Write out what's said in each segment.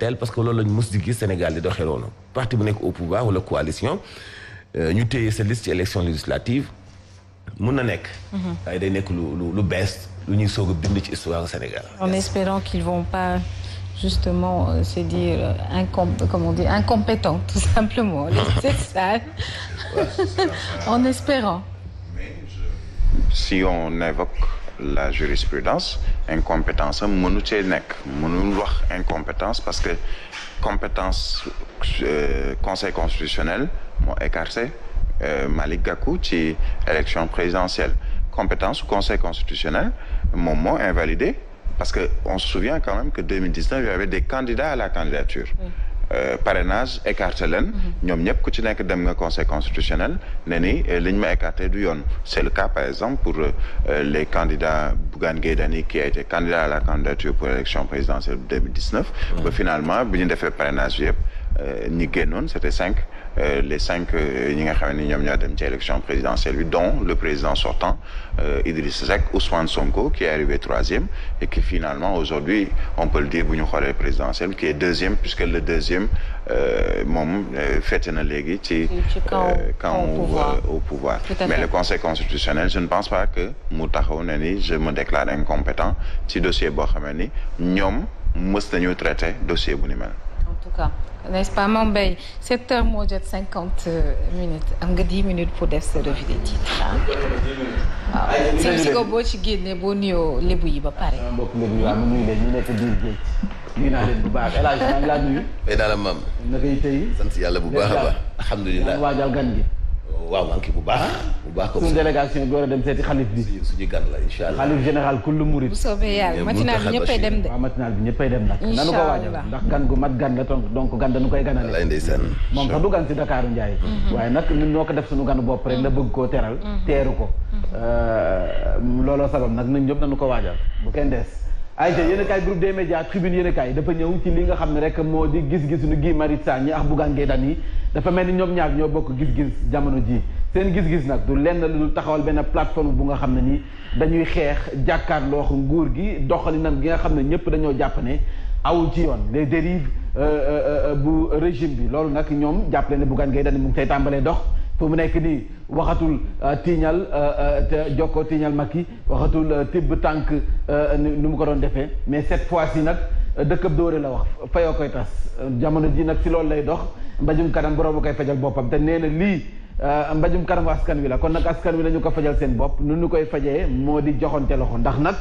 teel parce que loolu lañ mës di gis Sénégal di doxee noonu parti bu nekk au pouvoir wala coalition euh, ñu téye sa liste ci élection législative mun na nekk. Mhm. waaye day nekk lu lu lu bees lu ñuy soog a bind ci histoire Sénégal. en espérant qu'ils vont pas. justement euh, euh tout simplement les sales en espérant si on évoque la jurisprudence incompétence am mënu cee nekk mënul wax incompétence parce que compétence euh, conseil constitutionnel moo écarté euh, Malick Gakou ci élection présidentielle compétence conseil constitutionnel moom moo invalidé parce que on se des candidats la candidature Euh, parrainage écarté leen. Mhm. ñoom ñëpp ku ci nekk dem nga conseil constitutionnel ne ni e ma écarté du yoon c' est le par exemple pour euh, les candidats Bougane Gueye qui a été candidat à la candidature pour l'élection présidentielle 2019 ba finalement bu ñu defee parrainage bi yëpp Euh, ñi génnoon c'était cinq euh, les cinq euh, ñi nga xam ni ñoom ñoo dem ci élection présidentielle bi dont le président sortant Idriss Seck Ousmane Sonko qui est arrivé troisième et qui finalement aujourd'hui on peut le dire bu ñu xoolee présidentielle qui est deuxième puisque le deuxième moom fête na léegi ci quand au pouvoir mais le conseil constitutionnel je ne pense pas que mu taxaw na ni je me déclare incompétent ci dossier boo xam ne ni ñoom mës nañu traité dossier bu ni tout cas n'est-ce pas Mame Mbaye sept heures moo jot cinquante minutes am nga dix minutes pour def sa revue des titres ah. waaw si si ko boo ci génnee boo nuyoo lébu yi ba pare. mbokk lébu yi waaw mu nuyu leen ñu nekk biir géej nuyu naa leen bu baax El Hadj maa ngi laa nuyu. fay naa la maam. na koy tey. sant yàlla bu baax a baax alhamdulilah waajal gan gi. waaw maa ngi bu baax. bu baax comme suñu délégation bi war a dem seeti xalif bi. xalif général kullu murid. bu soobee yàlla matinal bi ñëppay dem de. waaw matinal bi ñëppay dem nag. nanu ko waajal ndax gan gu mat gan la donc gan dañu koy ganale. lay ndeysaan moom sax du gan si Dakar Ndiaye. Mhm. waaye nag ñun ko def suñu ganu bopp rek la bëgg koo teral. Mhm. teeru ko. Mhm. Euh, looloo sabab nag ñun ñëpp nu ko waajal bu kenn des ayca yéen a kaay groupe des médias tribune yéen a dafa ñëw ci li nga xam ne rek moo di gis-gis nu Guy Marius Sagna ak Bougane Gueye Dany dafa mel ni ñoom ñaar ñoo bokk gis-gis jamono ji seen gis-gis nag du lenn lu taxawal benn plateforme bu nga xam ne nii dañuy xeex jàkkaarloo nguur gi doxalinam gi nga xam ne ñëpp dañoo jàpp ne awul ci yoon les dérives euh, euh, euh, bu régime bi loolu nag ñoom jàpp jàppale ne Bougane Gueye Dany mu ngi tey tàmbalee dox fu mu nekk nii waxatul euh, tiiñal euh, euh, jokko tiiñal makki waxatul tibb tànk nu mu ko doon defee mais set fois ci nag dëkkab dóore la wax fayoo koy tas jamono ji nag ci loolu lay dox mbajum kanam borom koy fajal boppam te nee na lii mbajum kanam askan wi la kon nag askan wi la ñu ko fajal seen bopp nu ñu koy fajee moo di joxoon joxante loxo ndax nag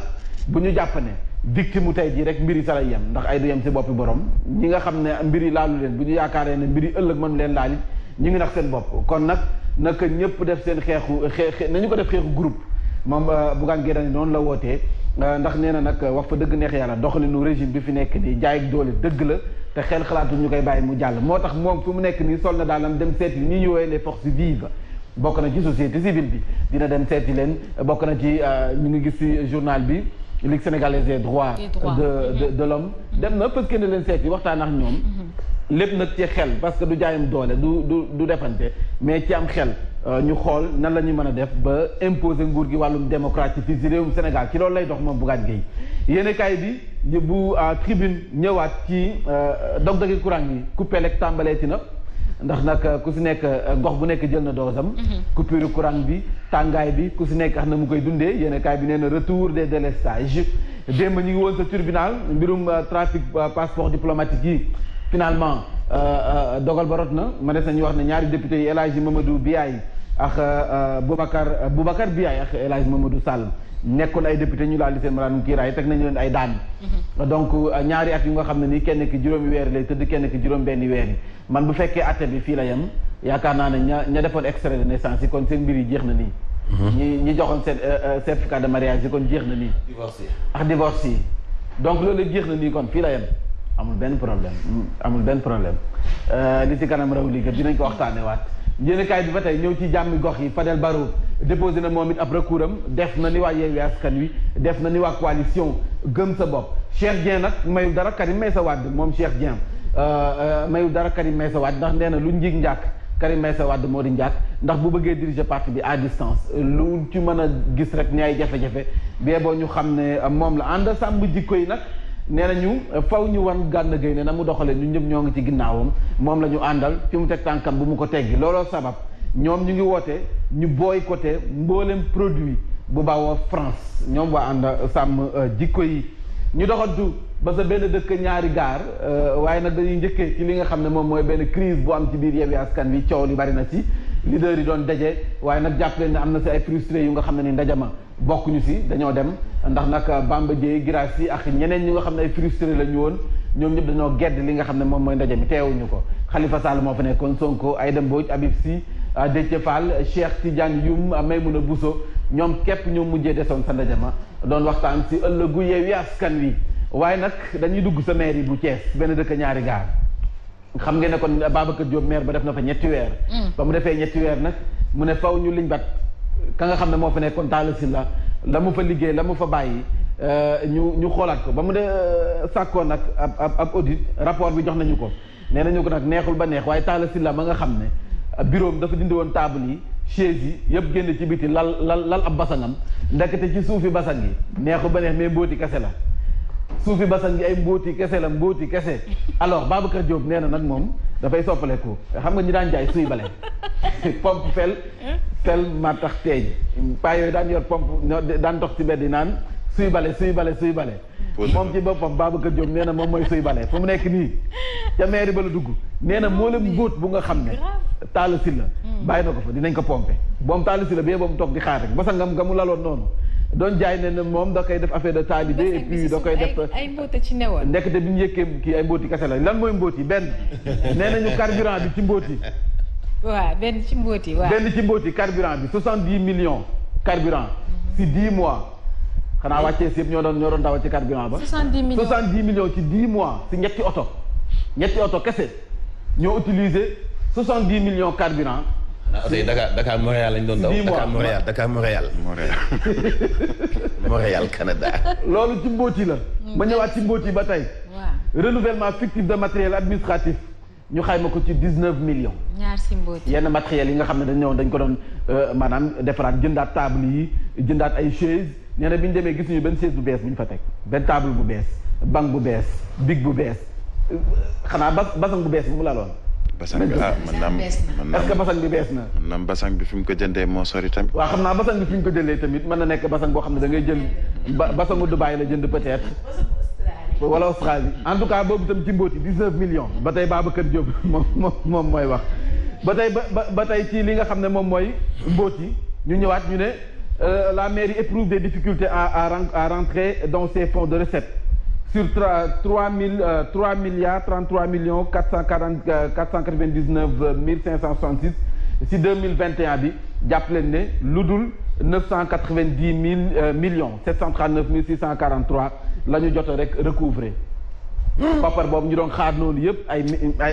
bu ñu jàpp ne victime mu tey jii rek mbiri sa lay yam ndax ay du yem si boppi borom ñi nga xam ne mbiri laalu leen bu ñu yaakaaree ne mbiri ëllëg mënu leen laal ñu ngi nax seen bopp kon nag naka ñëpp def seen xeexu xeex nañu ko def xeexu groupe moom euh, Bougane Gueye Dany noonu la wootee euh, ndax nee na nag wax fa dëgg neex yàlla doxalinu régime bi fi nekk ni jaay ak doole dëgg la te xel xalaatu ñu koy bàyyi mu jàll moo tax moom fi mu nekk nii sol na la dem seeti ñi ñu woowee les forces vives bokk na ci société civile bi dina dem seeti leen bokk na ci euh, ñu ngi gis ci journal bi Ligue sénégalaise des droits de de de l'homme mm-hmm. dem na parce que ne leen waxtaan ak ñoom mm-hmm. lépp nag ci xel parce que du jaayam doole du du du defante mais ci am xel euh, ñu xool nan la ñu mën a def ba imposer nguur gi wàllum démocratie fii ci réewum Sénégal ci loolu lay dox moom Bougane Gueye yéenekaay bi bu euh, tribune ñëwaat ci euh, dog-dogi courant yi coupé lekk tàmbaleeti na ndax nag ku si nekk gox bu nekk jël na doosam mm-hmm. coupure courant bi tàngaay bi ku si nekk xam na mu koy dundee yéenekaay bi nee na retour des délestages démb ñu ngi woon sa tribunal mbirum trafic passeport diplomatique yi finalement euh, euh, dogal ba rot na ma des ñu wax ne ñaari député yi El Hadji Mamadou Biaye ak euh, Boubacar Boubacar Biaye ak El Hadji Mamadou Sall nekkoon ay député ñu laal li seen malaanum kiiraay teg nañu leen ay daan mm-hmm. donc ñaari at yu nga xam ne nii kenn ki juróomi weer lay tëdd kenn ki juróom benni weer yi man bu fekkee atte bi fii la yem yaakaar naa ne ña ña defoon extrait de naissance yi kon seen mbir yi jeex na nii mm-hmm. ñi ñi joxoon seen certificat de mariage yi kon jeex na nii divorce yi ak divorce yi donc loolu jeex na nii kon fii la yem amul benn problème amul benn problème euh, li ci kanam raw lii dinañ ko waxtaanee waat yéenekaay bi ba tey ñëw ci jàmmi gox yi Fadel Barro déposé na moom it ab recours am def na ni waa Yewwi Askan Wi def na ni waa coalition gëm sa bopp Cheikh Dieng nag mayu dara Karim sa Wade moom Cheikh Dieng euh, euh, mayu dara Karim Meïssa Wade ndax nee na lu njig njàkk Karim sa wadd moo di njàkk ndax bu bëggee diriger parti bi à distance lu ci mën a gis rek ñaay jafe-jafe boo ñu xam ne moom la ànd sàmm jikko yi nag nee na nañu faw ñu wan Gana Gueye ne na mu doxalee ñu ñëpp ñoo ngi ci ginnaawam moom la ñu àndal fi mu teg tànkam bu mu ko teggi looloo sabab ñoom ñu ngi woote ñu boycotté mbooleem produit bu bawoo France ñoom waa ànd sàmm euh, jikko yi ñu doxantu ba sa benn dëkk ñaari gaar euh, waaye nag dañuy njëkkee ci li nga xam ne moom mooy benn crise bu am ci biir Yewwi Askan Wi coow li bari na ci leader yi doon daje waaye nag jàpp leen ne am na si ay frustré yu nga xam ne ni ndaje ma bokkuñu si dañoo dem ndax nag euh, Bamba Dieye Girassi ak ñeneen ñi nga xam ne ay frustré la ñu woon ñoom ñëpp dañoo gedd li nga xam ne moom mooy ndaje mi teewuñu ko Khalifa Sall moo fa nekkoon Sonko Aïda Mbodj Habib Sy euh, Déthié Fall Cheikh Tidiane mun euh, a Bousso ñoom képp ñoo mujjee desoon sa ndaje ma doon waxtaan si ëllëgu Yewwi Askan Wi waaye nag dañuy dugg sa mairie bu Thiès benn dëkk ñaari gaar xam ngeen ne kon Babacar Diop maire ba def na fa ñetti weer mm. ba ka nga xam ne moo fa nekkoon Talla Sylla la mu fa liggéey la mu fa bàyyi euh, ñu ñu xoolaat ko ba mu de euh, sàkkoon nag ab ab audit rapport bi jox nañu ko nee nañu ko nag neexul ba neex waaye Talla Sylla ba nga xam ne buroom dafa dindi woon table yi chaise yi yëpp génn ci biti lal lal lal ab basangam ndekete ci suufi basang yi neexul ba neex mais mbóoti kese la suufi basang yi ay mbóoti kese la mbóoti kese alors Babacar Diop nee na nag moom dafay soppaleku xam nga ñu daan jaay suy tel ma tax teeñ paa yooyu daan yor pompe daan dox ci mbedd yi naan suy bale suy bale suy bale moom ci boppam Babacar Diop nee na moom mooy suy bale fu mu nekk nii ca mairie ba la dugg nee na moo leen mbóot bu nga xam ne taala si la hmm. na ko fa ko pompe boom taala si la bie xaar rek basa ngam nga mu laloon noonu doon jaay ne ne moom da koy def affaire de taalibe et puis da koy def ay mbóot ci newoon ndekete bi ñu yëkkee kii ay mbóoti kese la lan mooy mbóot yi benn nee nañu carburant bi ci mbóot yi waaw benn ci mbóoti waaw benn ci mbóoti carburant bi soixante dix millions carburant si dix mois xanaa waa Thiès yëpp ñoo doon ñoo doon dawal ci carburant ba. soixante dix millions soixante dix millions ci dix mois si ñetti oto ñetti oto kese ñoo utiliser soixante dix millions carburant. ah oto yi Dakar Dakar Montréal lañ doon daw Dakar Montréal Montréal. Montréal Canada. loolu ci mbóoti la. ma mm. ñëwaat ci mbóoti ba tey. waaw renouvellement fictif de matériel administratif. ñu xayma ko ci dix-neuf millions. ñaar si yenn matériels yi nga xam ne dañ ñëwoon dañ ko doon euh, maanaam defaraat jëndaat table yi jëndaat ay chaise nee bi ñu demee gis ñu benn chaise bu bees bu ñu fa teg benn table bu bees banque bu bees big bu bees xanaa bas basang bu bees bi mu laloon. basang bi ah man naam est-ce que basang bi bees na. man naam basang bi fi mu ko jëndee moo sori tamit. waa xam naa basang bi fi ñu ko jëlee tamit mën na nekk basang boo xam ne da ngay jël du bàyyi la jënd peut-être. wala Australie en tout cas boobu itam ci mbóoti 19 millions ba tey Babacar Diop moom moom moom mooy wax ba tey ba ba tey ci li nga xam ne moom mooy mbóoti ñu ñëwaat ñu ne euh, la mairie éprouve des difficultés à à rentrer dans ses fonds de recette sur trois mille euh, trois milliards 33 millions 440 499 euh, mille 566 si 2021 bi jàpp leen ne lu dul 990 mille millions 739 mille 643 la ñu jot rek recouvrer koppar boobu ñu doon xaar noonu yëpp ay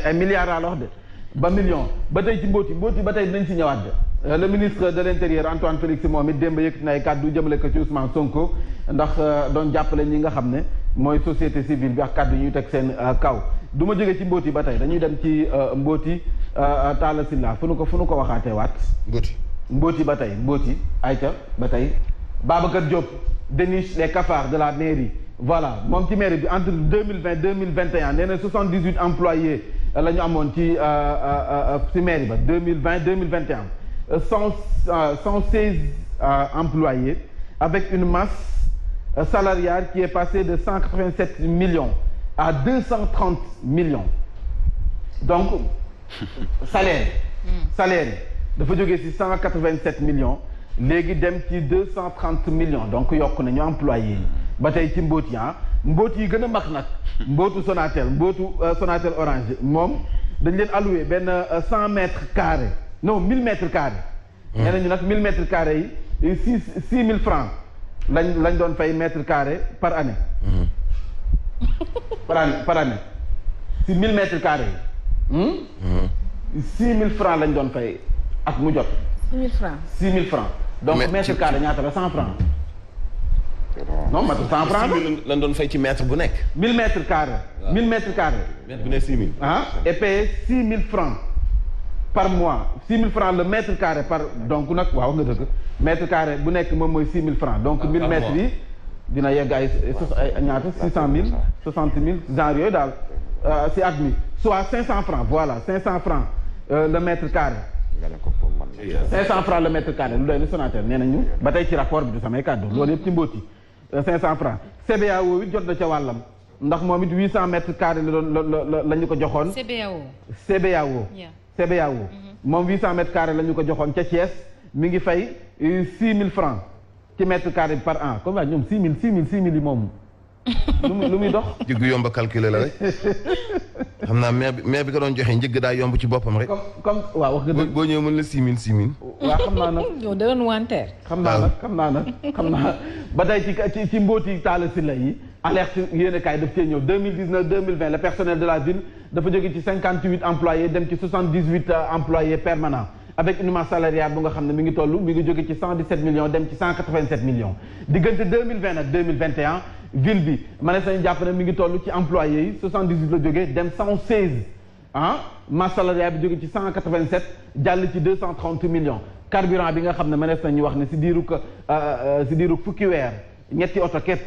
ay milliards à de ba million ba tey ci mbóoti mbóoti ba tey dinañ ci ñëwaat de euh, le ministre de l' intérieur Antoine Félix moom it démb yëkkati na ay kàddu jëmale ko ci Ousmane Sonko ndax euh, doon jàppale ñi nga xam ne mooy société civile bi ak kàddu yi ñuy teg seen euh, kaw duma ma jógee ci mbóoti ba tey dañuy dem ci mbóoti Talla Sylla fu nu ko fu nu ko waxaatee waat mbóoti mbóoti ba tey mbóoti ayca ba tey Babacar Diop déniche les de la mairie voilà moom ci bi entre deux mille vingt deux mille vingt et un nee na soixante dix huit employés euh, la ñu amoon ci euh, euh, ci mairie ba deux mille vingt deux mille vingt et un cent cent seize employés avec une masse salariale qui est passée de cent quatre vingt sept millions à deux cent trente millions donc salaire hmm. salaire dafa jógee si cent quatre vingt sept millions léegi dem ci deux cent trente millions donc yokk nañu employés yi hmm. ba tey ci mbóot yi ah mbóot yi gën a mag nag mbóotu Sonatel mbóotu euh, Sonatel Orange moom dañ leen alloué benn euh, cent mètres carrés non mille mètres carrés hmm. nee nañu nag mille mètres yi six six mille francs lañ lañ doon fay carré par année hmm. par année par année si mille mètres carrés yi hmm? six mille francs lañ doon fay ak mu jot six mille francs six mille francs donc mètre carré ñaata la cent francs non ma cent franc lan doon fay ci mètre bu nekk. mille mètres carrés. waaw mille mètres carrés. mètre bu nekk six mille. ah et payer six mille francs par mois six mille mètre carré par donc nag waaw nga dëgg mètre carré bu nekk moom mooy six mille donc ah, mille mètres yi dina yegg ay ñaata six cent mille soixante mille genre yooyu daal euh, si at mi soit cinq cent francs voilà cinq cent francs euh, le mètre carré cinq cent francs le mètre carré lu doy ni Sonatel nee nañu ba tey ci rapport bi du samay kàddu loolu 500 francs CBAO it jot na ca wàllam ndax moom it 800 mètres carrés la doon la ñu ko joxoon. CBAO. CBAO. CBAO. Mm-hmm. moom 800 mètres carrés la ñu ko joxoon ca Thiès mi ngi fay mille francs ci mètre carré par an comme waaye ñoom 6000 6000 6000 yi moom. lu muy lu muy dox. jigéen yomb a la rek. xam naa maire bi maire bi ko doon joxe njëgg daa yomb ci boppam rek. boo ñëwee la six mille six mille. waaw xam naa nag yow naa nag xam naa nag xam naa ba tey ci mbooti taala si la yi. alerte yéen a kaay daf cee ñëw 2019 2020 le personnel de la ville dafa jóge ci 58 employés dem ci 78 euh, employés permanents avec une masse salariale xam ne mi ngi toll mi ngi jóge ci 117 millions dem ci 187 millions diggante 2020 ak 2021. ville bi mënees nañu jàpp ne mi ngi toll ci employé yi 78 la jógee dem 116 ah masse salariale bi jóge ci cent 187 jàll ci 230 millions carburant bi nga xam ne mënees nañu wax ne si diiru euh, euh, si diiru fukki weer ñetti oto képp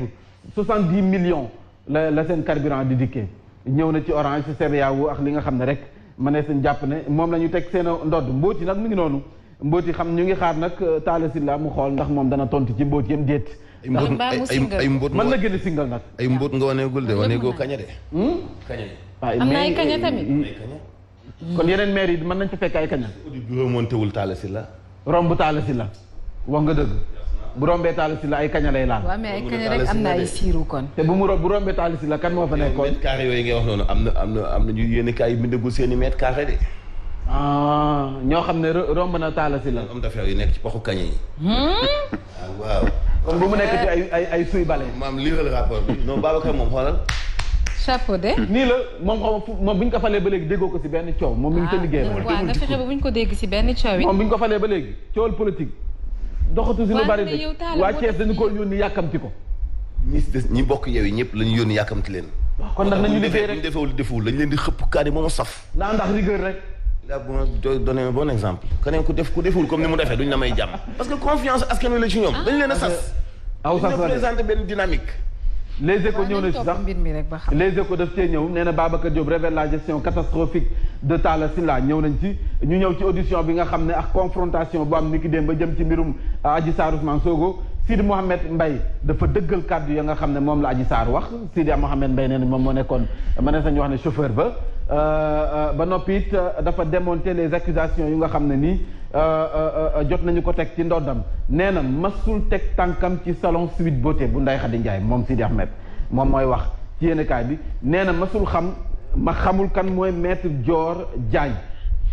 70 millions la la seen carburant di dikkee ñëw na ci orange ci CBAO e ak li nga xam ne rek mënees nañu jàpp ne moom la ñu teg seen ndodd mbóoti nag mi ngi noonu. mbóoti xam ñu ngi xaar nag euh, Talla Sylla mu xool ndax moom dana tontu ci mbóot yëm déet. ay mbóot mën na gën a singal nag. ay mbóot nga waneegul de waneegoo kaña de. Hmm? kaña de. am na euh, euh, kon yeneen maire yi mën nañ ci fekk ay kaña. audit bi remonté wul Talla Sylla. romb Talla Sylla wax nga dëgg. bu rombee Talla Sylla ay kaña lay laal. waaw mais ay kaña rek am na ay siiru kon. te bu mu bu rombee Talla kan moo fa nekkoon. mètre carré yooyu ngay wax noonu am na am na am na ñu yéen a kaay bindagul seeni i mètre de ah ñoo xam ne romb na taala si la. homme d'affaires nekk ci poxu kañ yi. Hmm? Ah, waaw. kon bu mu nekk ci ay ay ay suy bale. maam lire le rapport bi non Babacar moom xoolal. chapeau de. nii la moom xaw bu ñu ko falee ba léegi déggoo ko si benn coow. moom mi ngi ko liggéey moom ah, waaw nga fexe ba bu ñu ko dégg si benn coow yi. moom bu ñu ko falee ba léegi coowal politique. doxatu si lu bari de waa Thiès dañu ko yónni yàkkamti ko. ministre ñi bokk yow yi lañu yónni yàkkamti leen. kon nag nañu liggéey lañ leen di xëpp kaani rek daa bu ma un bon exemple. keneen ku def ku deful comme ni mu defee duñ la may jàmm. parce que confiance askan wi la ci ñoom. Ah. dañ leen a sas. aw sas la présenté benn dynamique. les échos ñëw na ci sax ba xam les échos daf cee ñëw nee na Babacar Diop la gestion catastrophique de Talla Sylla ñëw nañ ci ñu ñëw ci audition bi nga xam ne ak confrontation bu am ni dem ba jëm ci mbirum euh, Adji Sarr Ousmane Sonko Sidi Mohamed mbay dafa dëggal kàddu ya nga xam ne moom la Adji saar wax sii Sidi Mohamed Mbaye nee na moom moo nekkoon ma ne sañu wax ne chauffeur ba euh, euh, ba noppi it euh, dafa démonter les accusations yu nga xam ne nii jot nañu ko teg ci ndoddam nee na masul teg tànkam ci salon Sweet Beauté bu Ndeye Khady njaay moom Sidi Ahmed moom mooy wax ci yéenekaay bi nee na masul xam ma xamul kan mooy maître Dior Diagne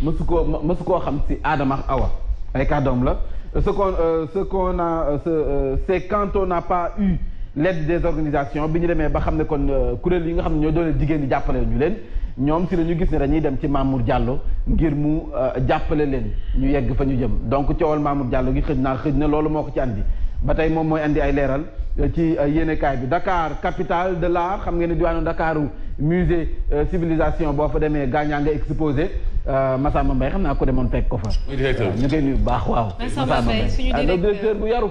masu koo masu koo xam si aadama Awa ay kàddoom la ce qu'on euh, ce qu'on a euh, ce euh, c'est quand on n'a pas u l'aide des organisations bi ñu demee ba xam ne kon kuréel yi nga xam ne ñoo doole jigéen ñi jàppale ñu leen ñoom si la ñu gis ne dañuy dem ci Mamour Diallo ngir mu jàppale leen ñu yegg fa ñu jëm donc coowal Mamour Diallo gi xëj naa xëj na loolu moo ko ci andi ba tey moom mooy indi ay leeral euh, ci euh, yéenekaay bi Dakar capitale de la xam nga ne diwaanu ndakaaru musée euh, civilisation boo fa demee gaañaa nga exposé ma Mbaye xam naa ko demoon fekk ko fa. ñu koy nuyu bu baax waaw. Massamba Mbaye suñu directeur bu yaru.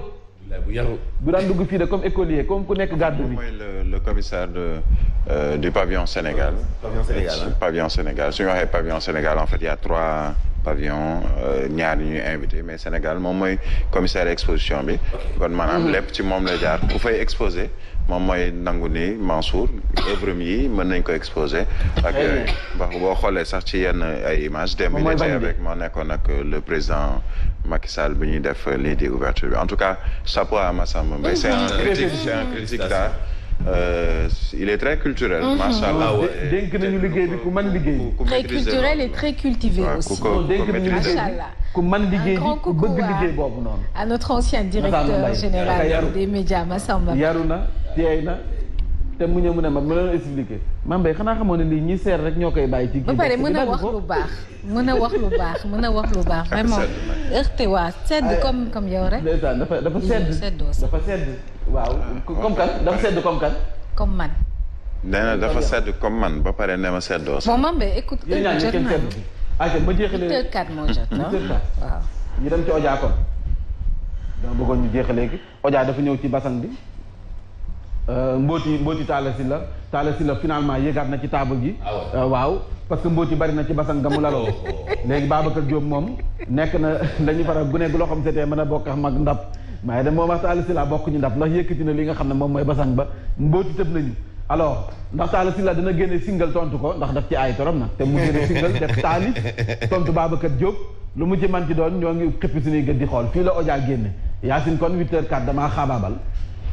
bu yaru bu daan dugg fii de comme écolier comme ku nekk gàddu bi. mooy le le commissaire de du pavillon Sénégal. pavillon Sénégal pavillon Sénégal su ñu waxee pavillon Sénégal en fait il trois. pavillon euh, ñaar ñuy invité mais Sénégal moom mooy commissaire exposition bi. kon maanaam mm-hmm. lépp ci moom la jaar ku fay exposé moom mooy nangu ni Mansour œuvre yi mën nañ ko exposé. ak eh euh, bo boo xoolee sax ci yenn euh, ay images. démb yi rek moo nekkoon ak le président Macky Sall bu ñuy def lii di ouverture bi en tout cas chapeau ma Massamba Mbaye. c'est un critique c'est un critique d'art Euh, il est très culturel. Mhm. macha allah ah, dénk nañu liggéey bi ku mën liggéey. très culturel et très cultivé aussi. dénk nañu liggéey bi ku liggéey boobu noonu. à notre ancien directeur général des médias Massamba. yaru na na. te mu ñëw mu ne ma ma leen expliqué Mame Mbaye xanaa xamoon ne lii ñi seer rek ñoo koy bàyyi. ci kii ba pare mën a wax lu baax mën a wax lu baax mën a wax lu baax. vraiment heurté waa sedd comme comme yow rek. ndeysaan dafa dafa sedd dafa sedd. waaw comme kan dafa sedd comme kan. comme man. nee na dafa sedd comme man ba pare ne ma seddoo sax. bon Mame Mbaye écoute. jot naa yéen ñaañu kenn ma jeexalee 8h04 moo jot. 8h04 waaw. ñu dem ci Oja kon. dama bëggoon ñu jeexalee gi Oja dafa ñëw ci basan bi. Euh, Mbóoti Mbóoti Talla Sylla Talla Sylla finalement yéegaat na ci table gi. Ah euh, waaw parce que Mbóoti bari na ci basan nga mu laloo. Oh, oh, oh. léegi Babacar Diop moom nekk na dañuy faral gune gu loo xam seetee mën a bokk ak mag ndab waaye de moom ak Talla la bokk ñu ndab ndax yëkkati na li nga xam ne moom mooy basan ba Mbóoti tëb nañu. alors ndax Talla Sylla dana génne single tontu ko ndax def ci ay torom na te mu génne single def taalif tontu Babacar Diop lu mu ci man ci doon ñoo ngi xëppi suñuy gën di xool fii la Odia génne Yacine kon 8h04 damaa xaabaabal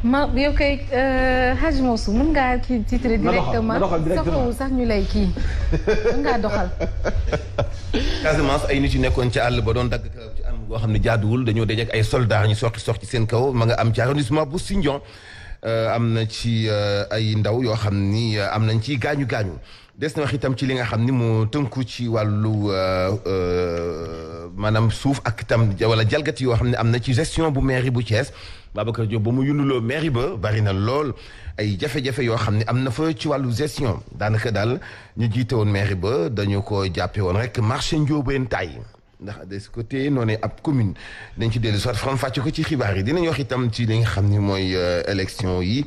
ma yow kay euh, Hadj Moussa mën ngaa kii titre directement sax ñu lay mën ngaa doxal. Casamance ay nu yu nekkoon ci àll ba doon dagg ci am goo xam ne jaaduwul dañoo dajeek ay soldats ñu soqi sox ci seen kaw ma nga am ci arrondissement bu Sindian euh, am na ci euh, ay ndaw yoo xam ni am nañ ci gaañu gaañu. des na wax itam ci li nga xam ni mu tënku ci wàllu maanaam suuf ak itam wala jalgati yoo xam ne am na ci gestion bu mairie bu cees Babacar Diop ba mu yunduloo mairie ba bari na lool ay jafe-jafe yoo xam ne am na fa ci wàllu gestion daanaka daal ñu jiite woon mairie ba dañu ko jàppe woon rek marché Ndiobène Taye ndax des coté côté noonu ab commune dañ ci dellu soit faram fàcce ko ci xibaar yi dinañ wax itam ci li nga xam ni mooy euh, élection yi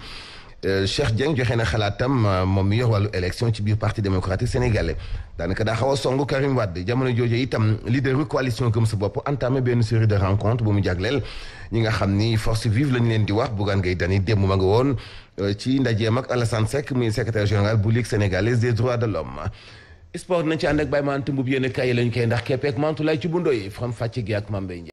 Euh, Cheikh Dieng joxe na xalaatam euh, moom mi yor wàllu élection ci biir parti démocratique sénégalais daanaka daa xaw a song Karim Wade jamono jooju itam leaderu coalition Gëm sa bopp entamé benn série de rencontres bu mu jagleel ñi nga xam ni force vive lañ leen di wax Bougane Gueye Dany démb ma nga woon euh, ci ndajeem ak Alassane Seck muy secrétaire général bu Ligue sénégalaise des droits de l'homme sport nañ ci ànd ak Baye Mantou Mboub yéen a kaay lañ koy